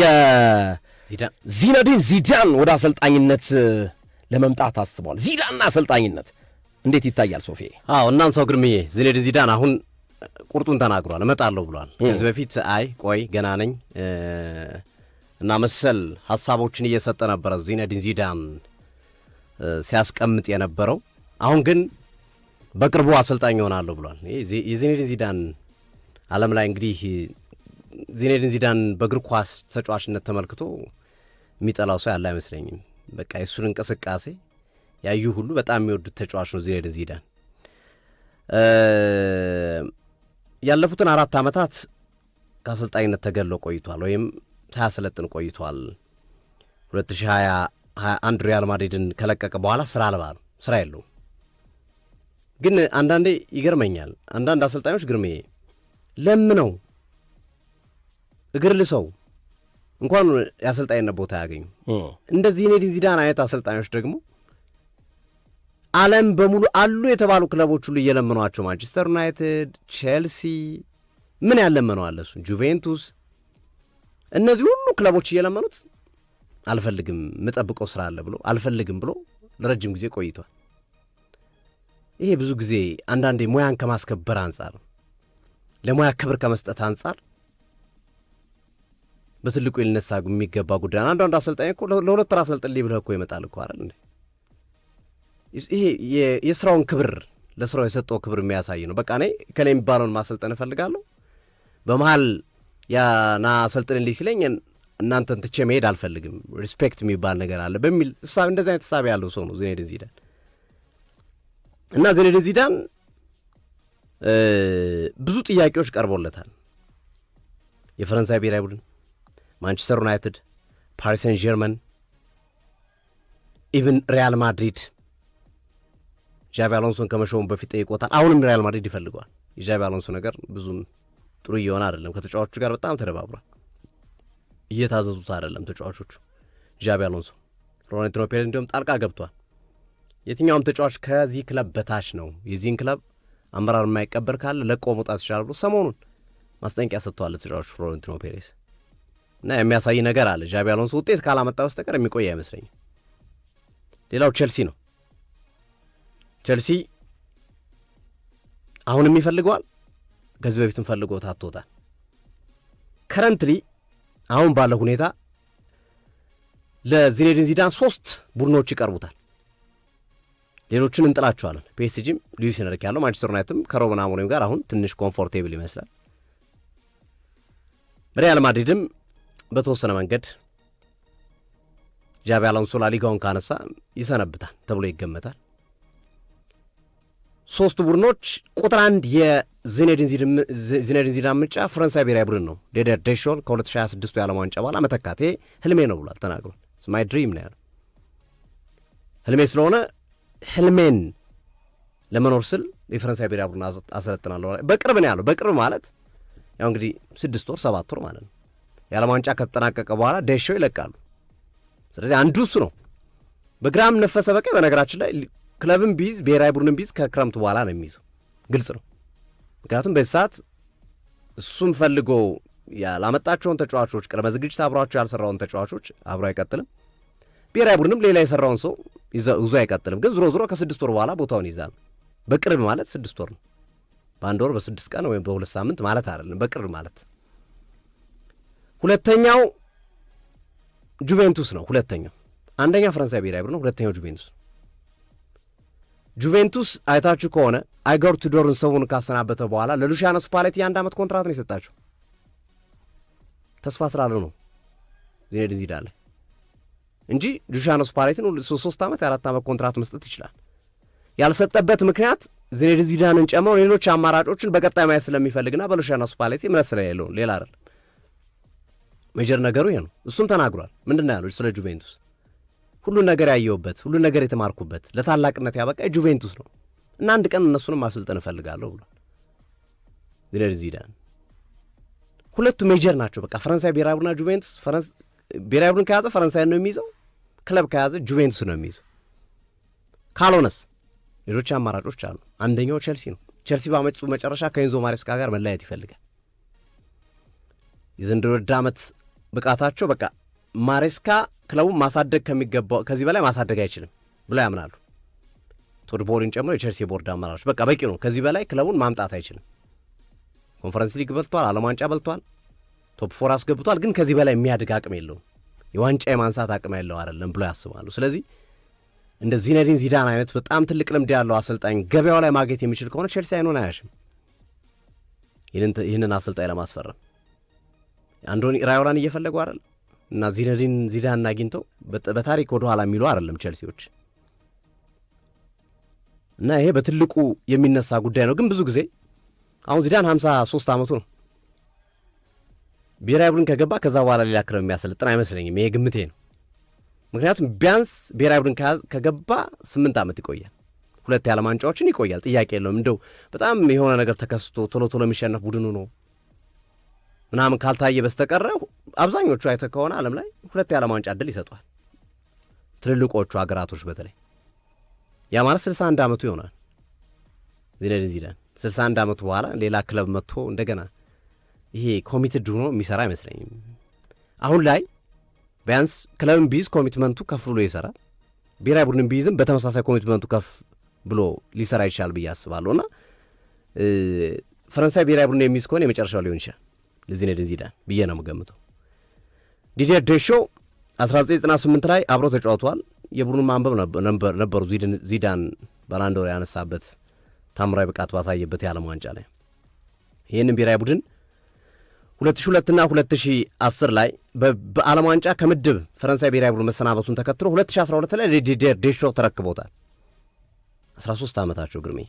የዚነዲን ዚዳን ወደ አሰልጣኝነት ለመምጣት አስበዋል። ዚዳንና አሰልጣኝነት እንዴት ይታያል ሶፊ? አዎ እናንሳው ግርምዬ። ዚነዲን ዚዳን አሁን ቁርጡን ተናግሯል። እመጣለሁ ብሏል። ከዚህ በፊት አይ ቆይ ገና ነኝ እና መሰል ሀሳቦችን እየሰጠ ነበረ ዚነዲን ዚዳን ሲያስቀምጥ የነበረው። አሁን ግን በቅርቡ አሰልጣኝ ይሆናለሁ ብሏል። የዚነዲን ዚዳን ዓለም ላይ እንግዲህ ዚኔድን ዚዳን በእግር ኳስ ተጫዋችነት ተመልክቶ የሚጠላው ሰው ያለ አይመስለኝም። በቃ የእሱን እንቅስቃሴ ያዩ ሁሉ በጣም የሚወዱት ተጫዋች ነው ዚኔድን ዚዳን። ያለፉትን አራት ዓመታት ከአሰልጣኝነት ተገሎ ቆይቷል ወይም ሳያሰለጥን ቆይቷል። 2021 ሪያል ማድሪድን ከለቀቀ በኋላ ስራ አልባ ነው፣ ስራ የለው። ግን አንዳንዴ ይገርመኛል፣ አንዳንድ አሰልጣኞች ግርሜ ለምነው እግር ልሰው እንኳን የአሰልጣኝነት ቦታ ያገኙ እንደዚህ ዚነዲን ዚዳን አይነት አሰልጣኞች ደግሞ ዓለም በሙሉ አሉ የተባሉ ክለቦች ሁሉ እየለመኗቸው ማንቸስተር ዩናይትድ፣ ቼልሲ ምን ያለመነው አለ ጁቬንቱስ እነዚህ ሁሉ ክለቦች እየለመኑት አልፈልግም የምጠብቀው ስራ አለ ብሎ አልፈልግም ብሎ ለረጅም ጊዜ ቆይቷል። ይሄ ብዙ ጊዜ አንዳንዴ ሙያን ከማስከበር አንጻር ለሙያ ክብር ከመስጠት አንጻር በትልቁ ሊነሳ የሚገባ ጉዳይ ነው። አንዳንዱ አሰልጣኝ እኮ ለሁለት ወር አሰልጥልኝ ብለህ እኮ ይመጣል እኮ አይደል? ይሄ የስራውን ክብር ለስራው የሰጠው ክብር የሚያሳይ ነው። በቃ እኔ ከላይ የሚባለውን ማሰልጠን እፈልጋለሁ፣ በመሀል ያና አሰልጥንልኝ ሲለኝ እናንተን ትቼ መሄድ አልፈልግም፣ ሪስፔክት የሚባል ነገር አለ በሚል እሳቤ እንደዚህ አይነት እሳቤ ያለው ሰው ነው ዚኔድን ዚዳን እና ዚኔድን ዚዳን ብዙ ጥያቄዎች ቀርቦለታል የፈረንሳይ ብሔራዊ ቡድን ማንቸስተር ዩናይትድ፣ ፓሪሰን ጀርመን፣ ኢቭን ሪያል ማድሪድ ዣቪ አሎንሶን ከመሾሙ በፊት ጠይቆታል። አሁንም ሪያል ማድሪድ ይፈልገዋል። የዣቪ አሎንሶ ነገር ብዙም ጥሩ እየሆነ አይደለም። ከተጫዋቾቹ ጋር በጣም ተደባብሯል። እየታዘዙት አይደለም ተጫዋቾቹ። ዣቪ አሎንሶ ሮናልዲኖ እንዲሁም ጣልቃ ገብቷል። የትኛውም ተጫዋች ከዚህ ክለብ በታች ነው፣ የዚህን ክለብ አመራር የማይቀበል ካለ ለቆ መውጣት ይችላል ብሎ ሰሞኑን ማስጠንቂያ ሰጥተዋል ተጫዋቹ ፍሎሬንቲኖ ፔሬስ። እና የሚያሳይ ነገር አለ። ዣቢ አሎንሶ ውጤት ካላመጣ በስተቀር የሚቆይ አይመስለኝም። ሌላው ቼልሲ ነው። ቼልሲ አሁንም ይፈልገዋል፣ ከዚህ በፊትም ፈልጎ ታቶታል። ከረንትሊ አሁን ባለው ሁኔታ ለዚኔድን ዚዳን ሶስት ቡድኖች ይቀርቡታል። ሌሎችን እንጥላቸዋለን። ፒኤስጂም ሉዊስ ኤንሪኬ ያለው፣ ማንቸስተር ዩናይትም ከሮበን አሞሪም ጋር አሁን ትንሽ ኮምፎርቴብል ይመስላል። ሪያል ማድሪድም በተወሰነ መንገድ ጃቢ አሎንሶ ላሊጋውን ካነሳ ይሰነብታል ተብሎ ይገመታል። ሶስቱ ቡድኖች ቁጥር አንድ የዚኔድን ዚዳን ምርጫ ፈረንሳይ ብሔራዊ ቡድን ነው። ዴደር ደሾን ከ2026 የዓለም ዋንጫ በኋላ መተካቴ ህልሜ ነው ብሏል ተናግሯል። ስማይ ድሪም ነው ያለው። ህልሜ ስለሆነ ህልሜን ለመኖር ስል የፈረንሳይ ብሔራዊ ቡድን አሰለጥናለሁ። በቅርብ ነው ያለው። በቅርብ ማለት ያው እንግዲህ ስድስት ወር ሰባት ወር ማለት ነው። የዓለም ዋንጫ ከተጠናቀቀ በኋላ ደሻው ይለቃሉ። ስለዚህ አንዱ እሱ ነው። በግራም ነፈሰ በቀኝ በነገራችን ላይ ክለብን ቢይዝ ብሔራዊ ቡድንን ቢይዝ ከክረምቱ በኋላ ነው የሚይዘው፣ ግልጽ ነው። ምክንያቱም በዚህ ሰዓት እሱም ፈልጎ ያላመጣቸውን ተጫዋቾች ቅድመ ዝግጅት አብሯቸው ያልሰራውን ተጫዋቾች አብሮ አይቀጥልም። ብሔራዊ ቡድንም ሌላ የሰራውን ሰው ይዞ አይቀጥልም። ግን ዝሮ ዝሮ ከስድስት ወር በኋላ ቦታውን ይዛል። በቅርብ ማለት ስድስት ወር ነው። በአንድ ወር በስድስት ቀን ወይም በሁለት ሳምንት ማለት አይደለም። በቅርብ ማለት ሁለተኛው ጁቬንቱስ ነው። ሁለተኛው አንደኛ ፈረንሳይ ብሔራዊ ቡድን ነው። ሁለተኛው ጁቬንቱስ ጁቬንቱስ አይታችሁ ከሆነ አይገር ቱዶርን ሰውን ካሰናበተ በኋላ ለሉሻን ስፓሌቲ የአንድ ዓመት ኮንትራት ነው የሰጣቸው። ተስፋ ስላለው ነው ዚነዲን ዚዳለ እንጂ ሉሻን ስፓሌቲን ሶስት ዓመት የአራት ዓመት ኮንትራት መስጠት ይችላል። ያልሰጠበት ምክንያት ዚነዲን ዚዳንን ጨምሮ ሌሎች አማራጮችን በቀጣይ ማየት ስለሚፈልግና በሉሻን ስፓሌቲ እምነት ስለሌለውን ሌላ አይደል። ሜጀር ነገሩ ይሄ ነው። እሱም ተናግሯል። ምንድን ነው ያለው ስለ ጁቬንቱስ? ሁሉን ነገር ያየውበት ሁሉን ነገር የተማርኩበት፣ ለታላቅነት ያበቃ ጁቬንቱስ ነው እና አንድ ቀን እነሱንም ማሰልጠን እፈልጋለሁ ብሏል ዚነዲን ዚዳን። ሁለቱ ሜጀር ናቸው። በቃ ፈረንሳይ ብሔራዊ ጁቬንቱስ ብሔራዊ ቡድን ከያዘ ፈረንሳይን ነው የሚይዘው፣ ክለብ ከያዘ ጁቬንቱስ ነው የሚይዘው። ካልሆነስ ሌሎች አማራጮች አሉ። አንደኛው ቼልሲ ነው። ቼልሲ በአመቱ መጨረሻ ከኢንዞ ማሬስካ ጋር መለያየት ይፈልጋል። የዘንድሮ ዓመት ብቃታቸው በቃ ማሬስካ ክለቡን ማሳደግ ከሚገባው ከዚህ በላይ ማሳደግ አይችልም ብለው ያምናሉ። ቶድ ቦሪን ጨምሮ የቸልሲ ቦርድ አመራሮች በቃ በቂ ነው፣ ከዚህ በላይ ክለቡን ማምጣት አይችልም። ኮንፈረንስ ሊግ በልቷል፣ ዓለም ዋንጫ በልቷል፣ ቶፕ ፎር አስገብቷል። ግን ከዚህ በላይ የሚያድግ አቅም የለውም፣ የዋንጫ የማንሳት አቅም ያለው አይደለም ብሎ ያስባሉ። ስለዚህ እንደ ዚነዲን ዚዳን አይነት በጣም ትልቅ ልምድ ያለው አሰልጣኝ ገበያው ላይ ማግኘት የሚችል ከሆነ ቸልሲ አይኑን አያሽም ይህንን አሰልጣኝ ለማስፈረም አንዶኒ ራዮላን እየፈለጉ አይደል እና ዚነዲን ዚዳን አግኝተው በታሪክ ወደኋላ የሚሉ አይደለም ቸልሲዎች እና ይሄ በትልቁ የሚነሳ ጉዳይ ነው። ግን ብዙ ጊዜ አሁን ዚዳን 53 ዓመቱ ነው። ብሔራዊ ቡድን ከገባ ከዛ በኋላ ሌላ ክለብ የሚያሰለጥን አይመስለኝም። ይሄ ግምቴ ነው። ምክንያቱም ቢያንስ ብሔራዊ ቡድን ከገባ ስምንት ዓመት ይቆያል። ሁለት የዓለም ዋንጫዎችን ይቆያል፣ ጥያቄ የለውም። እንደው በጣም የሆነ ነገር ተከስቶ ቶሎ ቶሎ የሚሸነፍ ቡድኑ ነው ምናምን ካልታየ በስተቀረ አብዛኞቹ አይተ ከሆነ ዓለም ላይ ሁለት የዓለም ዋንጫ እድል ይሰጧል ትልልቆቹ አገራቶች በተለይ ያ ማለት 61 ዓመቱ ይሆናል ዚነድን ዚዳን 61 ዓመቱ በኋላ ሌላ ክለብ መጥቶ እንደገና ይሄ ኮሚትድ ሆኖ የሚሰራ አይመስለኝም። አሁን ላይ ቢያንስ ክለብን ቢይዝ ኮሚትመንቱ ከፍ ብሎ ይሰራል። ብሔራዊ ቡድን ቢይዝም በተመሳሳይ ኮሚትመንቱ ከፍ ብሎ ሊሰራ ይችላል ብዬ አስባለሁ እና ፈረንሳይ ብሔራዊ ቡድን የሚይዝ ከሆነ የመጨረሻው ሊሆን ይችላል። ለዚነድን ዚዳን ብዬ ነው የምገምተው። ዲዲየር ዴሾ 1998 ላይ አብረው ተጫውተዋል። የቡድኑ ማንበብ ነበሩ ዚዳን ባላንዶር ያነሳበት ታምራዊ ብቃት ባሳየበት የዓለም ዋንጫ ላይ ይህንን ብሔራዊ ቡድን 2002 ና 2010 ላይ በዓለም ዋንጫ ከምድብ ፈረንሳይ ብሔራዊ ቡድን መሰናበቱን ተከትሎ 2012 ላይ ዲዲየር ዴሾ ተረክቦታል። 13 ዓመታቸው ግርሜ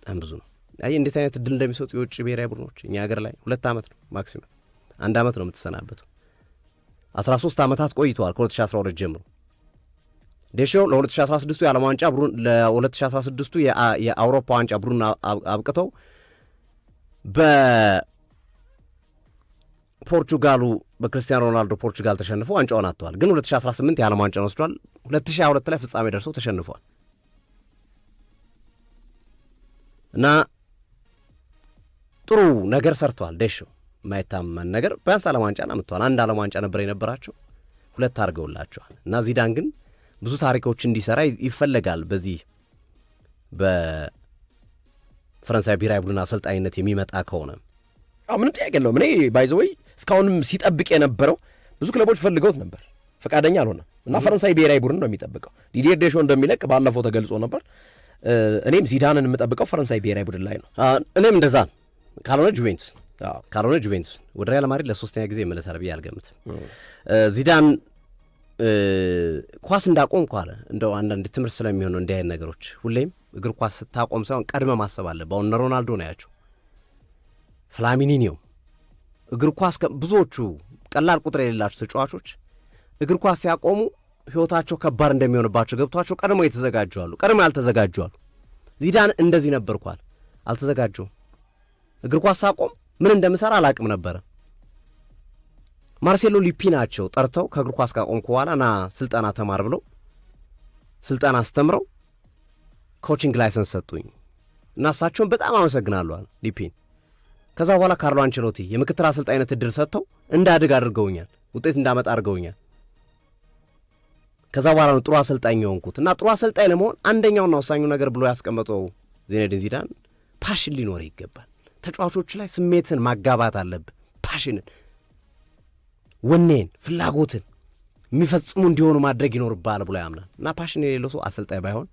በጣም ብዙ ነው። አይ እንዴት አይነት እድል እንደሚሰጡ የውጭ ብሔራዊ ቡድኖች እኛ ሀገር ላይ ሁለት ዓመት ነው ማክሲመም አንድ ዓመት ነው የምትሰናበቱ። ሶስት ዓመታት ቆይተዋል አስራ ሁለት ጀምሮ ሺ አስራ ስድስቱ የዓለም ዋንጫ ብሩን አስራ ስድስቱ የአውሮፓ ዋንጫ ብሩን አብቅተው በፖርቹጋሉ በክርስቲያኖ ሮናልዶ ፖርቹጋል ተሸንፎ ዋንጫውን አጥተዋል። ግን 2018 የዓለም ዋንጫን ወስዷል። 2022 ላይ ፍጻሜ ደርሰው ተሸንፏል እና ጥሩ ነገር ሰርቷል። ደሾ የማይታመን ነገር ቢያንስ ዓለም ዋንጫ አምጥተዋል። አንድ ዓለም ዋንጫ ነበር የነበራቸው ሁለት አድርገውላቸዋል። እና ዚዳን ግን ብዙ ታሪኮች እንዲሰራ ይፈለጋል። በዚህ በፈረንሳይ ብሔራዊ ቡድን አሰልጣኝነት የሚመጣ ከሆነ ምንም ጥያቄ የለውም። እኔ ባይዘወይ እስካሁንም ሲጠብቅ የነበረው ብዙ ክለቦች ፈልገውት ነበር ፈቃደኛ አልሆነ እና ፈረንሳይ ብሔራዊ ቡድን ነው የሚጠብቀው። ዲዲር ዴሾ እንደሚለቅ ባለፈው ተገልጾ ነበር። እኔም ዚዳንን የምጠብቀው ፈረንሳይ ብሔራዊ ቡድን ላይ ነው። እኔም እንደዛ ነው። ካልሆነ ጁቬንቱስ ካልሆነ ጁቬንቱስ ወደ ሪያል ማድሪድ ለሶስተኛ ጊዜ ይመለሳል ብዬ አልገምትም። ዚዳን ኳስ እንዳቆም ኳለ እንደው አንዳንድ ትምህርት ስለሚሆኑ እንዲህ አይነት ነገሮች ሁሌም እግር ኳስ ስታቆም ሳይሆን ቀድመ ማሰብ አለ አሁን ሮናልዶ ነው ያቸው ፍላሚኒኒው እግር ኳስ ብዙዎቹ ቀላል ቁጥር የሌላቸው ተጫዋቾች እግር ኳስ ሲያቆሙ ህይወታቸው ከባድ እንደሚሆንባቸው ገብቷቸው ቀድሞ የተዘጋጁ አሉ፣ ቀድሞ ያልተዘጋጁ አሉ። ዚዳን እንደዚህ ነበር ኳል አልተዘጋጁም እግር ኳስ አቆም ምን እንደምሰራ አላቅም ነበረ። ማርሴሎ ሊፒ ናቸው ጠርተው ከእግር ኳስ ካቆምኩ በኋላ ና ስልጠና ተማር ብለው ስልጠና አስተምረው ኮችንግ ላይሰንስ ሰጡኝ እና እሳቸውን በጣም አመሰግናለዋል ሊፒን። ከዛ በኋላ ካርሎ አንቸሎቲ የምክትል አሰልጣኝነት እድል ሰጥተው እንዳድግ አድርገውኛል፣ ውጤት እንዳመጣ አድርገውኛል። ከዛ በኋላ ነው ጥሩ አሰልጣኝ የሆንኩት እና ጥሩ አሰልጣኝ ለመሆን አንደኛውና ወሳኙ ነገር ብሎ ያስቀመጠው ዜነዲን ዚዳን ፓሽን ሊኖረ ይገባል። ተጫዋቾች ላይ ስሜትን ማጋባት አለብህ። ፓሽንን፣ ወኔን፣ ፍላጎትን የሚፈጽሙ እንዲሆኑ ማድረግ ይኖርብሃል ብሎ ያምናል እና ፓሽን የሌለው ሰው አሰልጣኝ ባይሆን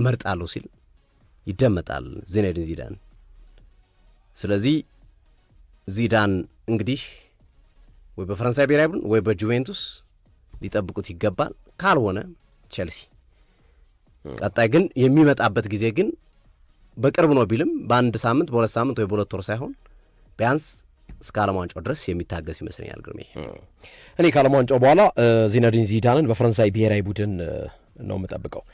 እመርጣለሁ ሲል ይደመጣል ዚነዲን ዚዳን። ስለዚህ ዚዳን እንግዲህ ወይ በፈረንሳይ ብሔራዊ ቡድን ወይ በጁቬንቱስ ሊጠብቁት ይገባል። ካልሆነ ቼልሲ ቀጣይ ግን የሚመጣበት ጊዜ ግን በቅርብ ነው ቢልም በአንድ ሳምንት በሁለት ሳምንት ወይ በሁለት ወር ሳይሆን ቢያንስ እስከ ዓለም ዋንጫው ድረስ የሚታገስ ይመስለኛል። ግርሜ እኔ ከዓለም ዋንጫው በኋላ ዚነዲን ዚዳንን በፈረንሳይ ብሔራዊ ቡድን ነው የምጠብቀው።